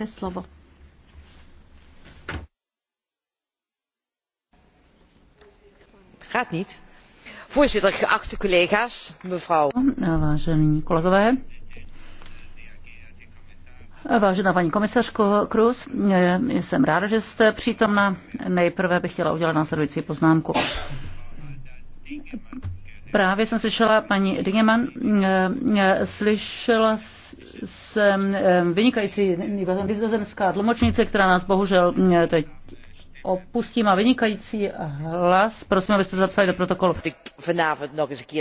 Máte slovo. Gaat niet. Voorzitter, geachte collega's, mevrouw. Ehm, vážení kolegové, Vážená paní komisařko Kruz, eh, jsem ráda, že jste přítomna. Nejprve bych chtěla udělat následující poznámku. Právě jsem slyšela paní Dingeman, eh, eh, slyšela s vynikající nizozemská tlumočnice, která nás bohužel teď opustí. Má vynikající hlas. Prosím, abyste to zapsali do protokolu.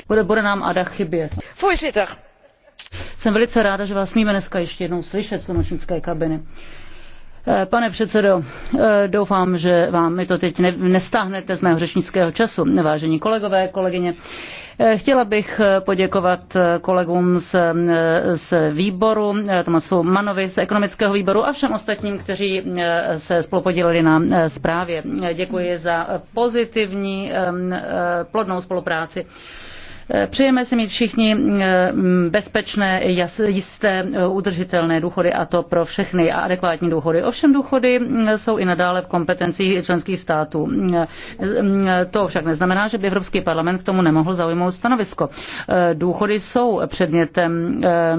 Bude, bude nám Ada chybět. Jsem velice ráda, že vás smíme dneska ještě jednou slyšet z tlumočnické kabiny. Eh, pane předsedo, eh, doufám, že vám mi to teď nestáhnete z mého řečnického času, vážení kolegové, kolegyně. Eh, chtěla bych poděkovat kolegům z, z výboru, Tomasu Manovi z ekonomického výboru a všem ostatním, kteří se spolupodíleli na zprávě. Děkuji za pozitivní plodnou spolupráci. Přejeme si mít všichni bezpečné, jisté, e, udržitelné důchody a to pro všechny a adekvátní důchody. Ovšem důchody jsou i nadále v kompetencích členských států. To však neznamená, že by Evropský parlament k tomu nemohl zaujmout stanovisko. E, důchody jsou předmětem e,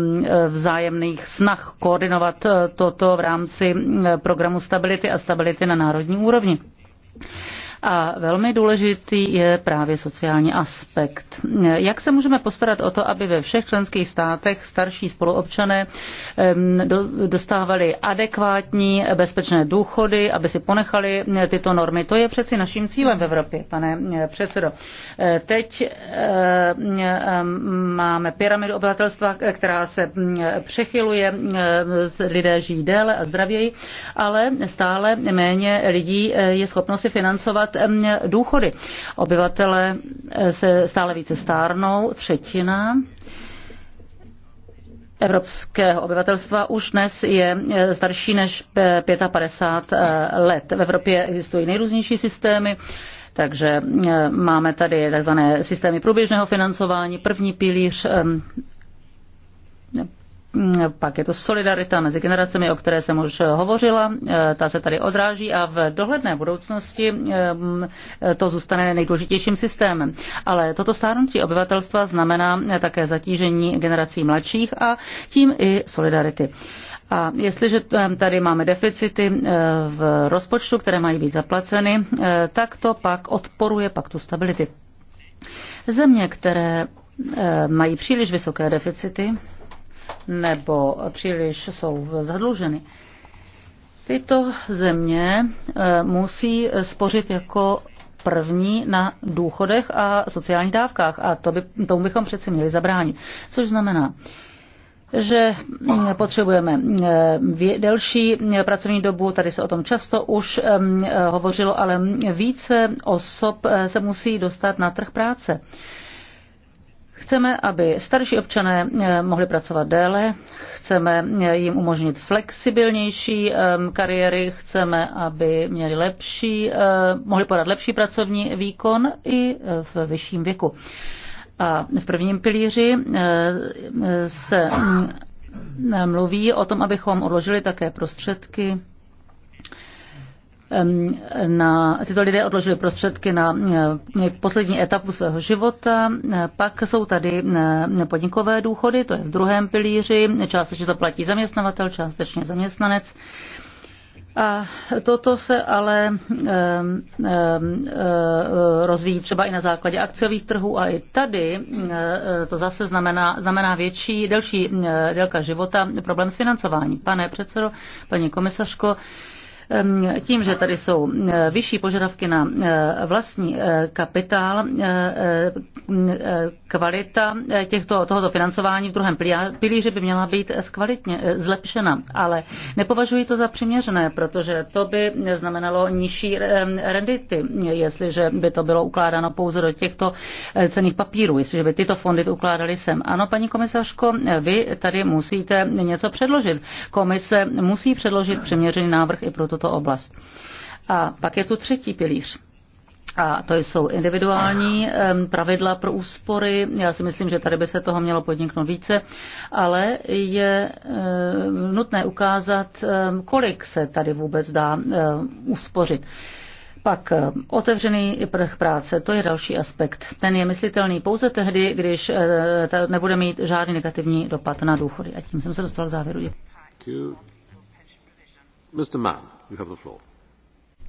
vzájemných snah koordinovat toto v rámci programu stability a stability na národní úrovni. A velmi důležitý je právě sociální aspekt. Jak se můžeme postarat o to, aby ve všech členských státech starší spoluobčané dostávali adekvátní bezpečné důchody, aby si ponechali eh, tyto normy? To je přeci naším cílem v Evropě, pane eh, předsedo. Eh, teď máme pyramidu obyvatelstva, která se mm, přechyluje, lidé žijí déle a zdravěji, ale stále méně lidí je schopno si financovat zvyšovat důchody. Obyvatele eh, se stále více stárnou, třetina evropského obyvatelstva už dnes je eh, starší než 55 eh, let. V Evropě existují nejrůznější systémy, takže máme tady tzv. systémy průběžného financování, první pilíř Mm, pak je to solidarita mezi generacemi, o které jsem už hovořila, eh, ta se tady odráží a v dohledné budoucnosti eh, to zůstane nejdůležitějším systémem. Ale toto stárnutí obyvatelstva znamená eh, také zatížení generací mladších a tím i solidarity. A jestliže tady máme deficity v rozpočtu, které mají být zaplaceny, tak to pak odporuje paktu stability. Země, které mají příliš vysoké deficity, nebo příliš jsou zadluženy, tyto země eh, musí spořit jako první na důchodech a sociálních dávkách a to by, tomu bychom přeci měli zabránit. Což znamená, že potřebujeme eh, delší eh, pracovní dobu, tady se o tom často už hovořilo, ale více osob se musí dostat na trh práce. Chceme, aby starší občané eh, mohli pracovat déle, chceme eh, jim umožnit flexibilnější ehm, kariéry, chceme, aby měli lepší, eh, mohli podat lepší pracovní výkon i v vyšším věku. A v prvním pilíři se mm, mluví o tom, abychom odložili také prostředky na, tyto lidé odložili prostředky na eh, poslední etapu svého života. Eh, pak jsou tady eh, podnikové důchody, to je v druhém pilíři, částečně to platí zaměstnavatel, částečně zaměstnanec. A toto se ale rozvíjí třeba i na základě akciových trhů a i tady to zase znamená, znamená větší, delší délka života, problém s financováním. Pane předsedo, paní komisařko, tím, že tady jsou vyšší požadavky na vlastní kapitál, kvalita eh, těchto, tohoto financování v druhém pilíři by měla být eh, zkvalitně, eh, zlepšena, ale nepovažuji to za přiměřené, protože to by znamenalo nižší rendity, jestliže by to bylo ukládáno pouze do těchto cených papírů, jestliže by tyto fondy to ukládaly sem. Ano, paní komisařko, vy tady musíte něco předložit. Komise musí předložit přiměřený návrh i pro to tuto oblast. A pak je tu třetí pilíř. A to jsou individuální pravidla pro úspory. Já si myslím, že tady by se toho mělo podniknout více, ale je nutné ukázat, kolik se tady vůbec dá uspořit. Pak eh, otevřený prh práce, to je další aspekt. Ten je myslitelný pouze tehdy, když eh, nebude mít žádný negativní dopad na důchody. A tím jsem se dostal k závěru. Mr. Mann. You have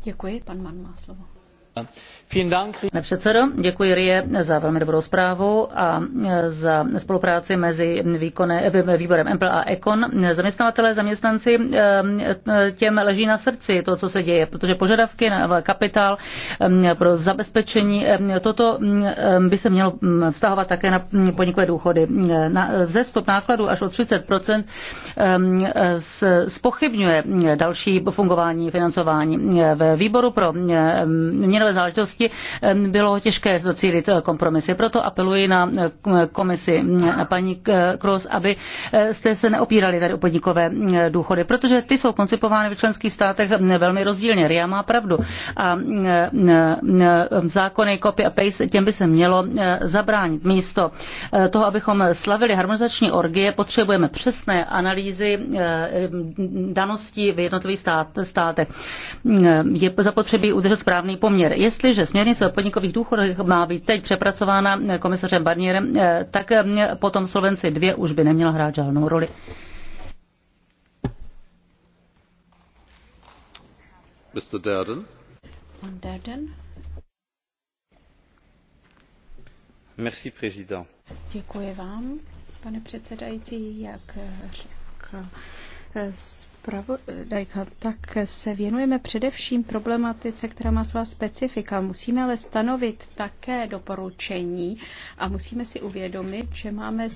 Děkuji, pan Mann má slovo. Pane předsedo, děkuji Rie za velmi dobrou zprávu a za spolupráci mezi eh, výborem EMPL a ECON. Zaměstnavatelé, zaměstnanci, eh, těm leží na srdci to, co se děje, protože požadavky na kapitál eh, pro zabezpečení, toto by se mělo mm, vztahovat také na podnikové důchody. Vzestup nákladů až o 30% spochybňuje další fungování financování. Ve výboru pro měnové měnové záležitosti bylo těžké docílit eh, kompromisy. Proto apeluji na eh, eh, komisi paní Kros, aby jste se neopírali tady o podnikové důchody, protože ty jsou koncipovány v členských státech velmi rozdílně. RIA má pravdu. A zákony copy a paste, těm by se mělo zabránit. Místo toho, abychom slavili harmonizační orgie, potřebujeme přesné analýzy daností v jednotlivých státech. Je zapotřebí udržet správný poměr Jestliže směrnice o podnikových důchodech má být teď přepracována eh, komisařem Barnierem, eh, tak eh, potom Slovenci 2 už by neměla hrát žádnou roli. Mr. Darden. Darden. Merci, président. Děkuji vám, pane předsedající, jak řekl Dajka, tak se věnujeme především problematice, která má svá specifika. Musíme ale stanovit také doporučení a musíme si uvědomit, že máme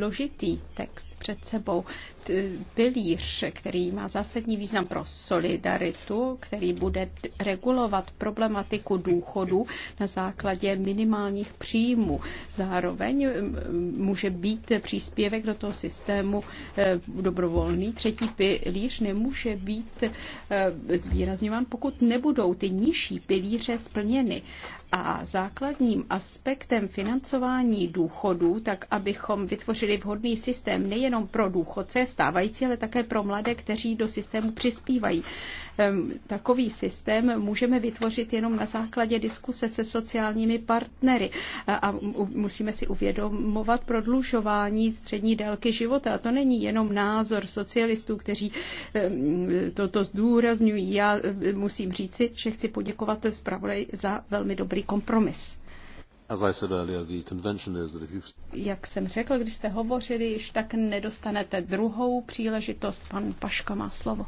ložitý text před sebou. Pilíř, který má zásadní význam pro solidaritu, který bude regulovat problematiku důchodu na základě minimálních příjmů. Zároveň může být příspěvek do toho systému e, dobrovolný. Třetí pilíř pilíř nemůže být eh, zvýrazněván, pokud nebudou ty nižší pilíře splněny. A základním aspektem financování důchodů, tak abychom vytvořili vhodný systém nejenom pro důchodce stávající, ale také pro mladé, kteří do systému přispívají. Ehm, takový systém můžeme vytvořit jenom na základě diskuse se sociálními partnery a musíme si uvědomovat prodlužování střední délky života. A to není jenom názor socialistů, kteří ehm, toto zdůrazňují. Já ehm, musím říci, že chci poděkovat zpravodaj za velmi dobrý kompromis. Jak jsem řekl, když jste hovořili, již tak nedostanete druhou příležitost. Pan Paška má slovo.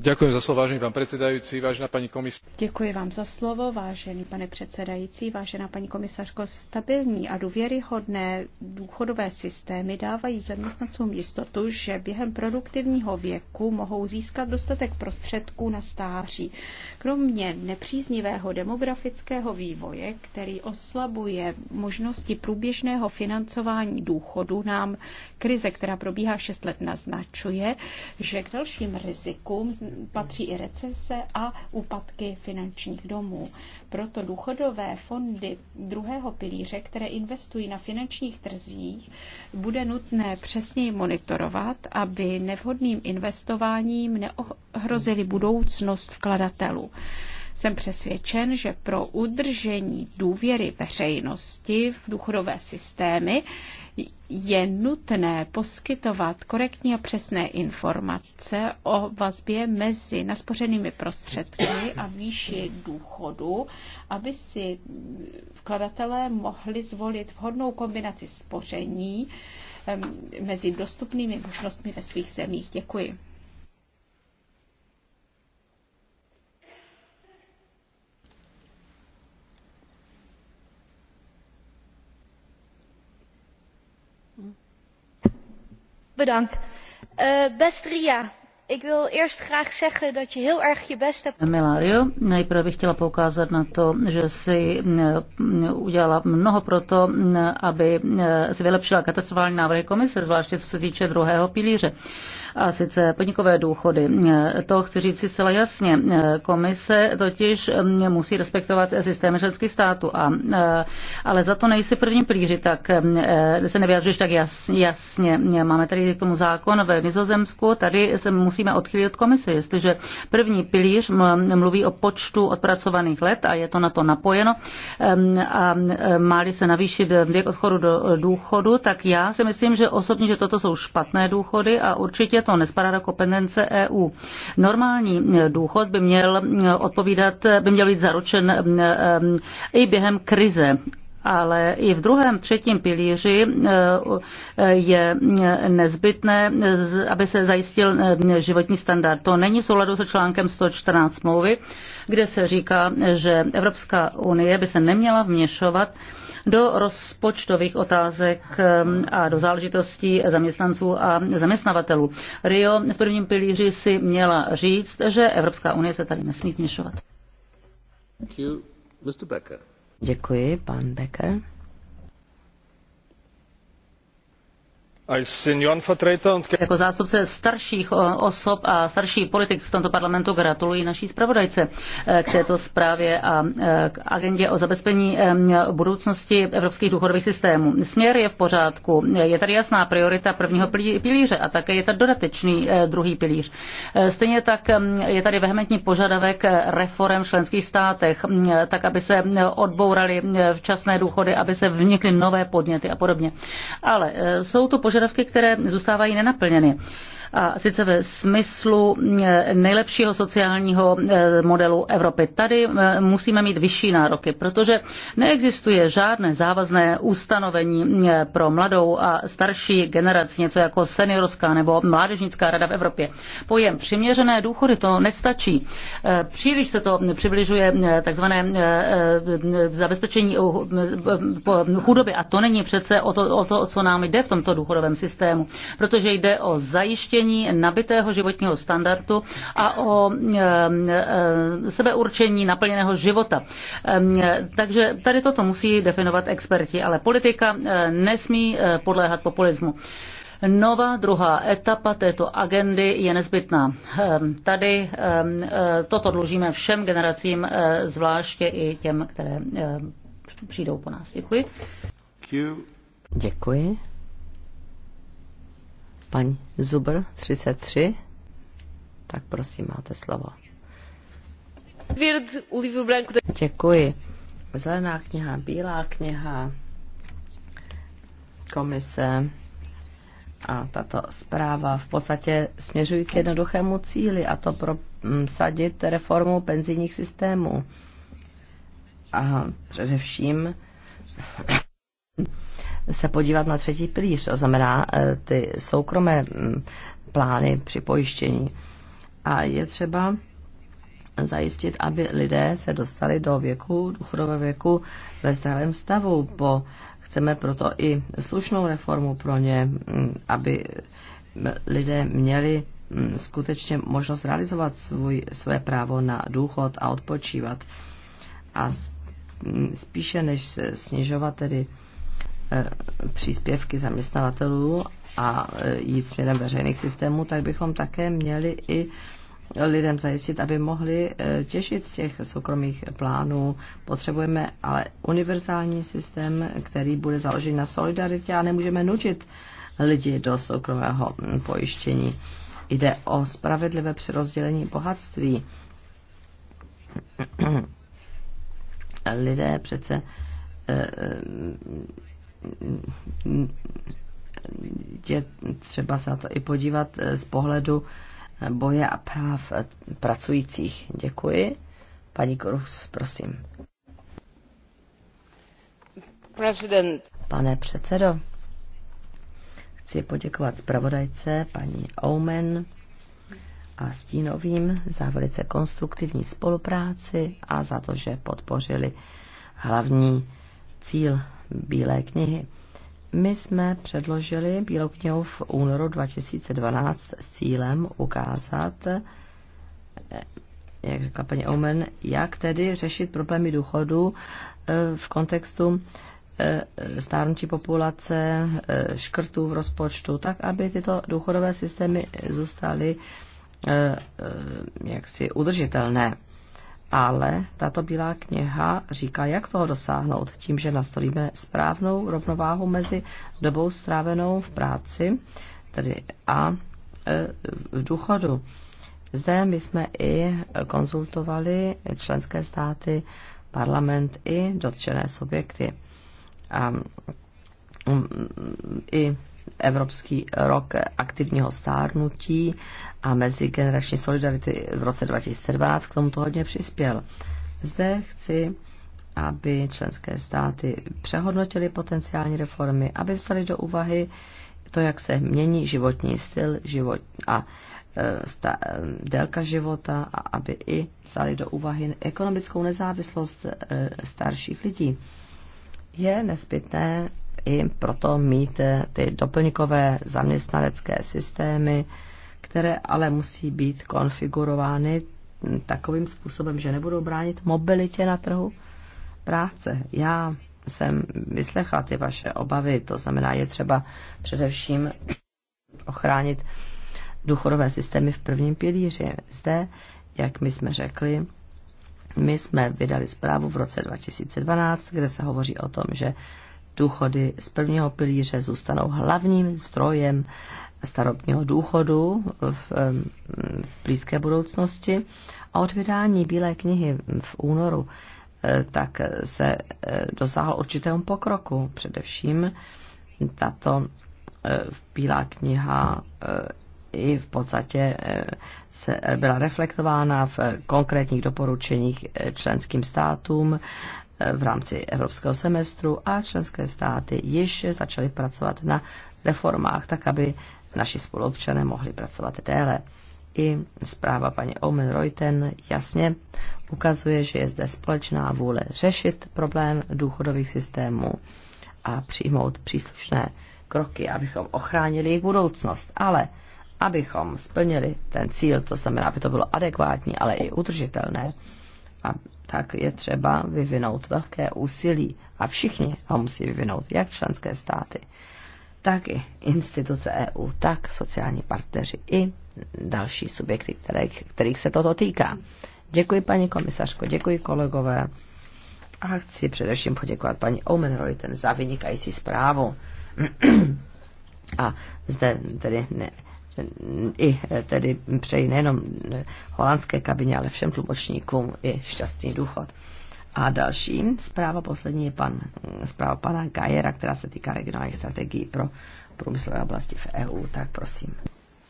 Děkuji vážený předsedající, vážená paní komisařko. vám za slovo, vážený pane předsedající, vážená paní komisařko. Stabilní a důvěryhodné důchodové systémy dávají zaměstnancům jistotu, že během produktivního věku mohou získat dostatek prostředků na stáří. Kromě nepříznivého demografického vývoje, který oslabuje možnosti průběžného financování důchodu, nám krize, která probíhá šest let, naznačuje, že k dalším rizikům patří i recese a úpadky finančních domů. Proto důchodové fondy druhého pilíře, které investují na finančních trzích, bude nutné přesněji monitorovat, aby nevhodným investováním neohrozili budoucnost vkladatelů. Jsem přesvědčen, že pro udržení důvěry veřejnosti v důchodové systémy je nutné poskytovat korektní a přesné informace o vazbě mezi naspořenými prostředky a výši důchodu, aby si vkladatelé mohli zvolit vhodnou kombinaci spoření mezi dostupnými možnostmi ve svých zemích. Děkuji. beste ria ik ben het helemaal met je eens. Ik wil eerst graag zeggen dat je heel erg je best hebt. Milario, nejprve bych chtěla poukázat na to, že si eh, eh, udělala mnoho proto, eh, aby si vylepšila katastrofální návrhy komise, zvláště co se týče druhého pilíře a sice podnikové důchody. To chci říct si zcela jasně. Komise totiž musí respektovat systém členských států, a, ale za to nejsi prvním plíři, tak se nevyjadřuješ tak jasně. Máme tady k tomu zákon ve Nizozemsku, tady se musí musíme odchylit od komise. Jestliže první pilíř mluví o počtu odpracovaných let a je to na to napojeno a máli se navýšit věk odchodu do důchodu, tak já si myslím, že osobně, že toto jsou špatné důchody a určitě to nespadá do kompetence EU. Normální důchod by měl odpovídat, by měl být zaručen i během krize ale i v druhém, třetím pilíři eh, je nezbytné, aby se zajistil eh, životní standard. To není v souladu se článkem 114 smlouvy, kde se říká, že Evropská unie by se neměla vměšovat do rozpočtových otázek eh, a do záležitostí zaměstnanců a zaměstnavatelů. Rio v prvním pilíři si měla říct, že Evropská unie se tady nesmí vměšovat. Thank you. Mr. Becker. Děkuji, pan Becker. Jako zástupce starších osob a starší politik v tomto parlamentu gratuluji naší zpravodajce eh, k této zprávě a eh, k agendě o zabezpečení eh, budoucnosti evropských důchodových systémů. Směr je v pořádku. Je tady jasná priorita prvního pilíře a také je tady dodatečný druhý pilíř. Stejně tak je tady vehementní požadavek reform v členských státech, mm, tak aby se odbouraly včasné důchody, aby se vnikly nové podněty a podobně. Ale jsou to požadavky požadavky, které zůstávají nenaplněny a sice ve smyslu eh, nejlepšího sociálního eh, modelu Evropy. Tady eh, musíme mít vyšší nároky, protože neexistuje žádné závazné ustanovení pro mladou a starší generaci, něco jako seniorská nebo mládežnická rada v Evropě. Pojem přiměřené důchody to nestačí. Příliš se to přibližuje takzvané zabezpečení chudoby a to není přece o to, o to, co nám jde v tomto důchodovém systému, protože jde o zajištění zajištění nabitého životního standardu a o sebeurčení naplněného života. Takže tady toto musí definovat experti, ale politika nesmí eh, podléhat populismu. Nová druhá etapa této agendy je nezbytná. Tady eh, toto dlužíme všem generacím, eh, zvláště i těm, které přijdou po nás. Děkuji. Děkuji. Paní Zubr, 33. Tak prosím, máte slovo. Děkuji. Zelená kniha, bílá kniha, komise a tato zpráva v podstatě směřují k jednoduchému cíli a to pro mm, sadit reformu penzijních systémů. A především se podívat na třetí pilíř, to znamená eh, ty soukromé mm, plány při pojištění. A je třeba zajistit, aby lidé se dostali do věku, důchodového věku ve zdravém stavu. Po, chceme proto i slušnou reformu pro ně, mm, aby mm, lidé měli skutečně možnost realizovat svůj, své právo na důchod a odpočívat. A spíše než snižovat tedy Eh, příspěvky zaměstnavatelů a eh, jít směrem veřejných systémů, tak bychom také měli i lidem zajistit, aby mohli eh, těšit z těch soukromých plánů. Potřebujeme ale univerzální systém, který bude založen na solidaritě a nemůžeme nutit lidi do soukromého pojištění. Jde o spravedlivé přerozdělení bohatství. Lidé přece je třeba se na to i podívat eh, z pohledu eh, boje a práv eh, pracujících. Děkuji. Paní Korus, prosím. President. Pane předsedo, chci poděkovat zpravodajce paní Omen a Stínovým za velice konstruktivní spolupráci a za to, že podpořili hlavní cíl Bílé knihy. My jsme předložili Bílou knihu v únoru 2012 s cílem ukázat, jak řekla paní Omen, jak tedy řešit problémy důchodu eh, v kontextu eh, stárnutí populace, eh, škrtů v rozpočtu, tak aby tyto důchodové systémy zůstaly jaksi udržitelné ale tato bílá kniha říká, jak toho dosáhnout, tím, že nastolíme správnou rovnováhu mezi dobou strávenou v práci tedy a e, v důchodu. Zde my jsme i konzultovali členské státy, parlament i dotčené subjekty. A i Evropský rok aktivního stárnutí a mezigenerační solidarity v roce 2012 k tomuto hodně přispěl. Zde chci, aby členské státy přehodnotily potenciální reformy, aby vstali do úvahy to, jak se mění životní styl život a e, sta, e, délka života a aby i vzali do úvahy ekonomickou nezávislost e, starších lidí. Je nezbytné i proto mít eh, ty doplňkové zaměstnanecké systémy, které ale musí být konfigurovány hm, takovým způsobem, že nebudou bránit mobilitě na trhu práce. Já jsem vyslechla ty vaše obavy, to znamená, je třeba především ochránit důchodové systémy v prvním pilíři. Zde, jak my jsme řekli, my jsme vydali zprávu v roce 2012, kde se hovoří o tom, že důchody z prvního pilíře zůstanou hlavním strojem starobního důchodu v, v blízké budoucnosti. A od vydání Bílé knihy v únoru eh, tak se eh, dosáhl určitému pokroku. Především tato eh, Bílá kniha i v podstatě se byla reflektována v konkrétních doporučeních členským státům v rámci evropského semestru a členské státy již začaly pracovat na reformách, tak aby naši spoluobčané mohli pracovat déle. I zpráva paní Omen Reuten jasně ukazuje, že je zde společná vůle řešit problém důchodových systémů a přijmout příslušné kroky, abychom ochránili jejich budoucnost. Ale abychom splnili ten cíl, to znamená, aby to bylo adekvátní, ale i udržitelné, a tak je třeba vyvinout velké úsilí a všichni ho musí vyvinout, jak členské státy, tak i instituce EU, tak sociální partneři i další subjekty, kterých, kterých se toto týká. Děkuji, paní komisařko, děkuji, kolegové. A chci především poděkovat paní Omen Reuten za vynikající zprávu. a zde tedy ne, i tedy přeji nejenom holandské kabině, ale všem tlumočníkům i šťastný důchod. A další zpráva poslední je pan, zpráva pana Gajera, která se týká regionálních strategií pro průmyslové oblasti v EU. Tak prosím.